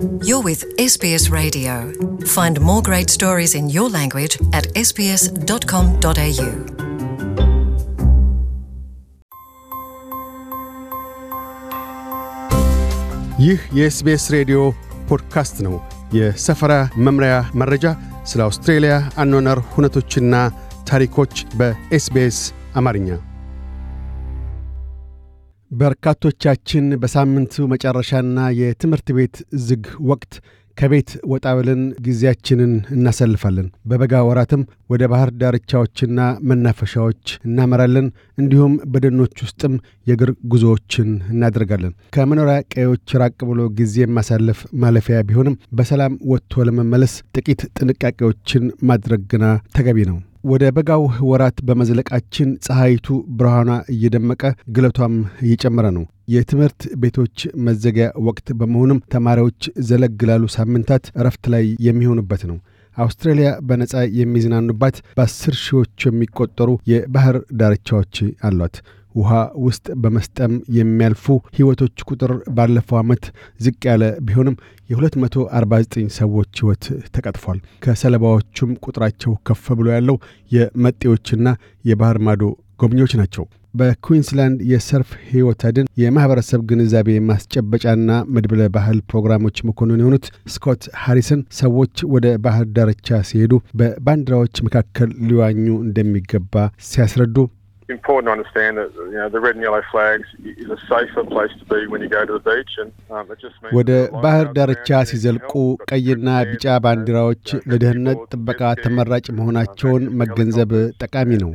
You're with SBS Radio. Find more great stories in your language at sbs.com.au. ይህ የኤስቤስ ሬዲዮ ፖድካስት ነው። የሰፈራ መምሪያ መረጃ፣ ስለ አውስትሬልያ አኗኗር ሁነቶችና ታሪኮች በኤስቤስ አማርኛ በርካቶቻችን በሳምንቱ መጨረሻና የትምህርት ቤት ዝግ ወቅት ከቤት ወጣ ብለን ጊዜያችንን እናሳልፋለን። በበጋ ወራትም ወደ ባህር ዳርቻዎችና መናፈሻዎች እናመራለን። እንዲሁም በደኖች ውስጥም የእግር ጉዞዎችን እናደርጋለን። ከመኖሪያ ቀዮች ራቅ ብሎ ጊዜ ማሳለፍ ማለፊያ ቢሆንም በሰላም ወጥቶ ለመመለስ ጥቂት ጥንቃቄዎችን ማድረግ ግና ተገቢ ነው። ወደ በጋው ወራት በመዝለቃችን ፀሐይቱ ብርሃኗ እየደመቀ ግለቷም እየጨመረ ነው። የትምህርት ቤቶች መዘጊያ ወቅት በመሆኑም ተማሪዎች ዘለግ ላሉ ሳምንታት እረፍት ላይ የሚሆኑበት ነው። አውስትራሊያ በነፃ የሚዝናኑባት በአስር ሺዎች የሚቆጠሩ የባህር ዳርቻዎች አሏት። ውሃ ውስጥ በመስጠም የሚያልፉ ሕይወቶች ቁጥር ባለፈው ዓመት ዝቅ ያለ ቢሆንም የ249 ሰዎች ሕይወት ተቀጥፏል። ከሰለባዎቹም ቁጥራቸው ከፍ ብሎ ያለው የመጤዎችና የባህር ማዶ ጎብኚዎች ናቸው። በኩዊንስላንድ የሰርፍ ሕይወት አድን የማኅበረሰብ ግንዛቤ ማስጨበጫና መድብለ ባህል ፕሮግራሞች መኮንን የሆኑት ስኮት ሃሪሰን ሰዎች ወደ ባህር ዳርቻ ሲሄዱ በባንዲራዎች መካከል ሊዋኙ እንደሚገባ ሲያስረዱ important to understand that you know, the red and yellow flags is a safer place to be when you go to the beach and, um, it just means ወደ ባህር ዳርቻ ሲዘልቁ ቀይና ቢጫ ባንዲራዎች ለደህንነት ጥበቃ ተመራጭ um, መሆናቸውን መገንዘብ ጠቃሚ uh, ነው።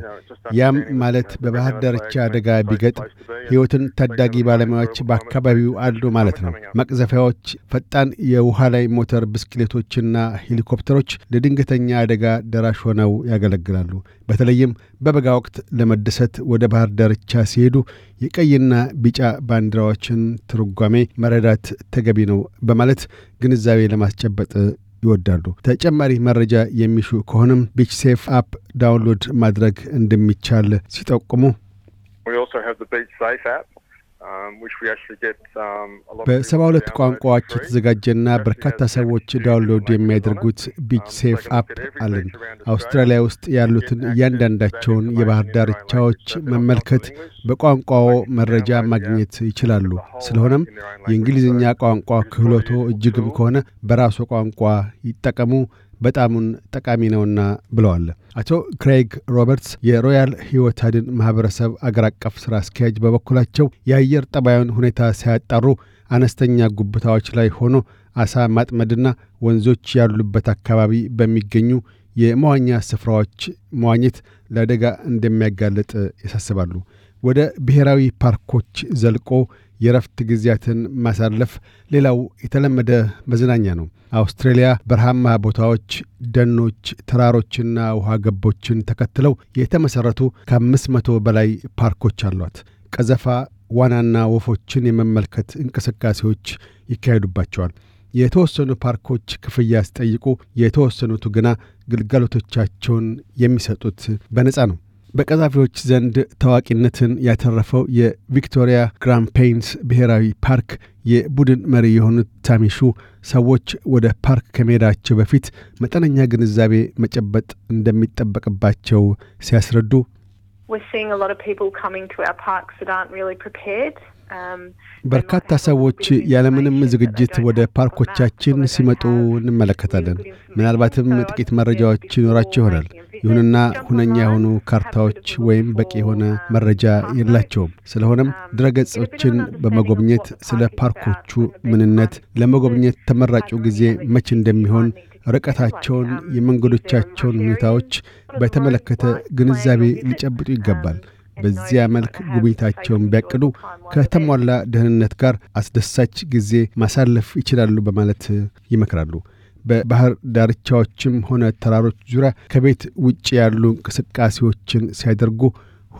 ያም ማለት በባህር ዳርቻ አደጋ ቢገጥ ሕይወትን ታዳጊ ባለሙያዎች በአካባቢው አሉ ማለት ነው። መቅዘፊያዎች፣ ፈጣን የውሃ ላይ ሞተር ብስክሌቶችና ሄሊኮፕተሮች ለድንገተኛ አደጋ ደራሽ ሆነው ያገለግላሉ። በተለይም በበጋ ወቅት ለመደሰት ወደ ባህር ዳርቻ ሲሄዱ የቀይና ቢጫ ባንዲራዎችን ትርጓሜ መረዳት ተገቢ ነው በማለት ግንዛቤ ለማስጨበጥ ይወዳሉ። ተጨማሪ መረጃ የሚሹ ከሆነም ቢች ሴፍ አፕ ዳውንሎድ ማድረግ እንደሚቻል ሲጠቁሙ Um, um, በሰባ ሁለት ቋንቋዎች የተዘጋጀና በርካታ ሰዎች ዳውንሎድ የሚያደርጉት ቢች ሴፍ አፕ አለን። አውስትራሊያ ውስጥ ያሉትን እያንዳንዳቸውን የባህር ዳርቻዎች መመልከት፣ በቋንቋው መረጃ ማግኘት ይችላሉ። ስለሆነም የእንግሊዝኛ ቋንቋ ክህሎቶ እጅግም ከሆነ በራሱ ቋንቋ ይጠቀሙ። በጣሙን ጠቃሚ ነውና ብለዋል። አቶ ክሬግ ሮበርትስ የሮያል ሕይወት አድን ማኅበረሰብ አገር አቀፍ ሥራ አስኪያጅ በበኩላቸው የአየር ጠባዩን ሁኔታ ሲያጣሩ አነስተኛ ጉብታዎች ላይ ሆኖ አሳ ማጥመድና ወንዞች ያሉበት አካባቢ በሚገኙ የመዋኛ ስፍራዎች መዋኘት ለአደጋ እንደሚያጋልጥ ያሳስባሉ። ወደ ብሔራዊ ፓርኮች ዘልቆ የረፍት ጊዜያትን ማሳለፍ ሌላው የተለመደ መዝናኛ ነው። አውስትራሊያ በረሃማ ቦታዎች፣ ደኖች፣ ተራሮችና ውሃ ገቦችን ተከትለው የተመሠረቱ ከአምስት መቶ በላይ ፓርኮች አሏት። ቀዘፋ፣ ዋናና ወፎችን የመመልከት እንቅስቃሴዎች ይካሄዱባቸዋል። የተወሰኑ ፓርኮች ክፍያ ሲጠይቁ፣ የተወሰኑቱ ግና ግልጋሎቶቻቸውን የሚሰጡት በነጻ ነው። በቀዛፊዎች ዘንድ ታዋቂነትን ያተረፈው የቪክቶሪያ ግራምፔንስ ብሔራዊ ፓርክ የቡድን መሪ የሆኑት ታሚሹ ሰዎች ወደ ፓርክ ከመሄዳቸው በፊት መጠነኛ ግንዛቤ መጨበጥ እንደሚጠበቅባቸው ሲያስረዱ Um, በርካታ ሰዎች ያለምንም ዝግጅት ወደ ፓርኮቻችን ሲመጡ እንመለከታለን። ምናልባትም ጥቂት መረጃዎች ይኖራቸው ይሆናል። ይሁንና ሁነኛ የሆኑ ካርታዎች ወይም በቂ የሆነ um, መረጃ የላቸውም። ስለሆነም um, ድረገጾችን በመጎብኘት ስለ ፓርኮቹ ምንነት ለመጎብኘት ተመራጩ ጊዜ መቼ እንደሚሆን ርቀታቸውን፣ የመንገዶቻቸውን ሁኔታዎች በተመለከተ ግንዛቤ ሊጨብጡ ይገባል። በዚያ መልክ ጉብኝታቸውን ቢያቅዱ ከተሟላ ደህንነት ጋር አስደሳች ጊዜ ማሳለፍ ይችላሉ በማለት ይመክራሉ። በባህር ዳርቻዎችም ሆነ ተራሮች ዙሪያ ከቤት ውጭ ያሉ እንቅስቃሴዎችን ሲያደርጉ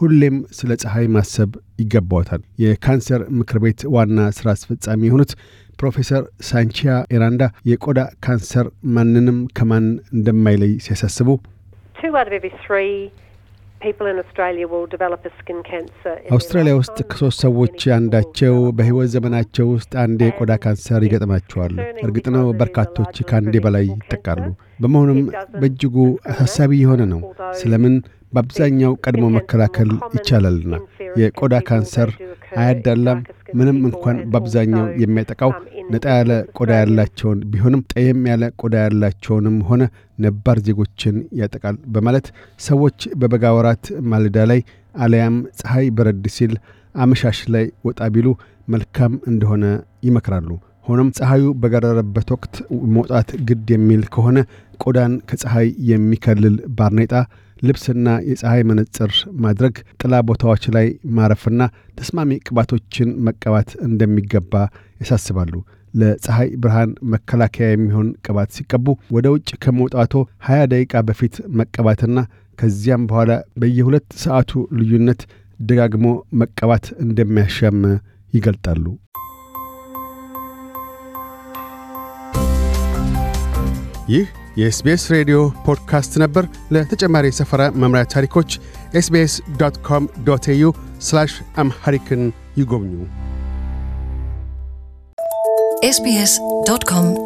ሁሌም ስለ ፀሐይ ማሰብ ይገባዎታል። የካንሰር ምክር ቤት ዋና ሥራ አስፈጻሚ የሆኑት ፕሮፌሰር ሳንቺያ ኤራንዳ የቆዳ ካንሰር ማንንም ከማን እንደማይለይ ሲያሳስቡ አውስትራሊያ ውስጥ ከሶስት ሰዎች አንዳቸው በሕይወት ዘመናቸው ውስጥ አንዴ የቆዳ ካንሰር ይገጥማቸዋል። እርግጥ ነው በርካቶች ከአንዴ በላይ ይጠቃሉ። በመሆኑም በእጅጉ አሳሳቢ የሆነ ነው። ስለምን በአብዛኛው ቀድሞ መከላከል ይቻላልና። የቆዳ ካንሰር አያዳላም፣ ምንም እንኳን በአብዛኛው የሚያጠቃው um, ነጣ ያለ ቆዳ ያላቸውን ቢሆንም ጠየም ያለ ቆዳ ያላቸውንም ሆነ ነባር ዜጎችን ያጠቃል በማለት ሰዎች በበጋ ወራት ማልዳ ላይ አለያም ፀሐይ በረድ ሲል አመሻሽ ላይ ወጣ ቢሉ መልካም እንደሆነ ይመክራሉ። ሆኖም ፀሐዩ በገረረበት ወቅት መውጣት ግድ የሚል ከሆነ ቆዳን ከፀሐይ የሚከልል ባርኔጣ ልብስና የፀሐይ መነጽር ማድረግ፣ ጥላ ቦታዎች ላይ ማረፍና ተስማሚ ቅባቶችን መቀባት እንደሚገባ ያሳስባሉ። ለፀሐይ ብርሃን መከላከያ የሚሆን ቅባት ሲቀቡ ወደ ውጭ ከመውጣቶ 20 ደቂቃ በፊት መቀባትና ከዚያም በኋላ በየሁለት ሰዓቱ ልዩነት ደጋግሞ መቀባት እንደሚያሻም ይገልጣሉ። ይህ የኤስቤስ ሬዲዮ ፖድካስት ነበር። ለተጨማሪ የሰፈራ መምሪያ ታሪኮች ኤስቤስ ዶት ኮም ዶት ኤዩ አምሐሪክን ይጎብኙ። sbs.com.au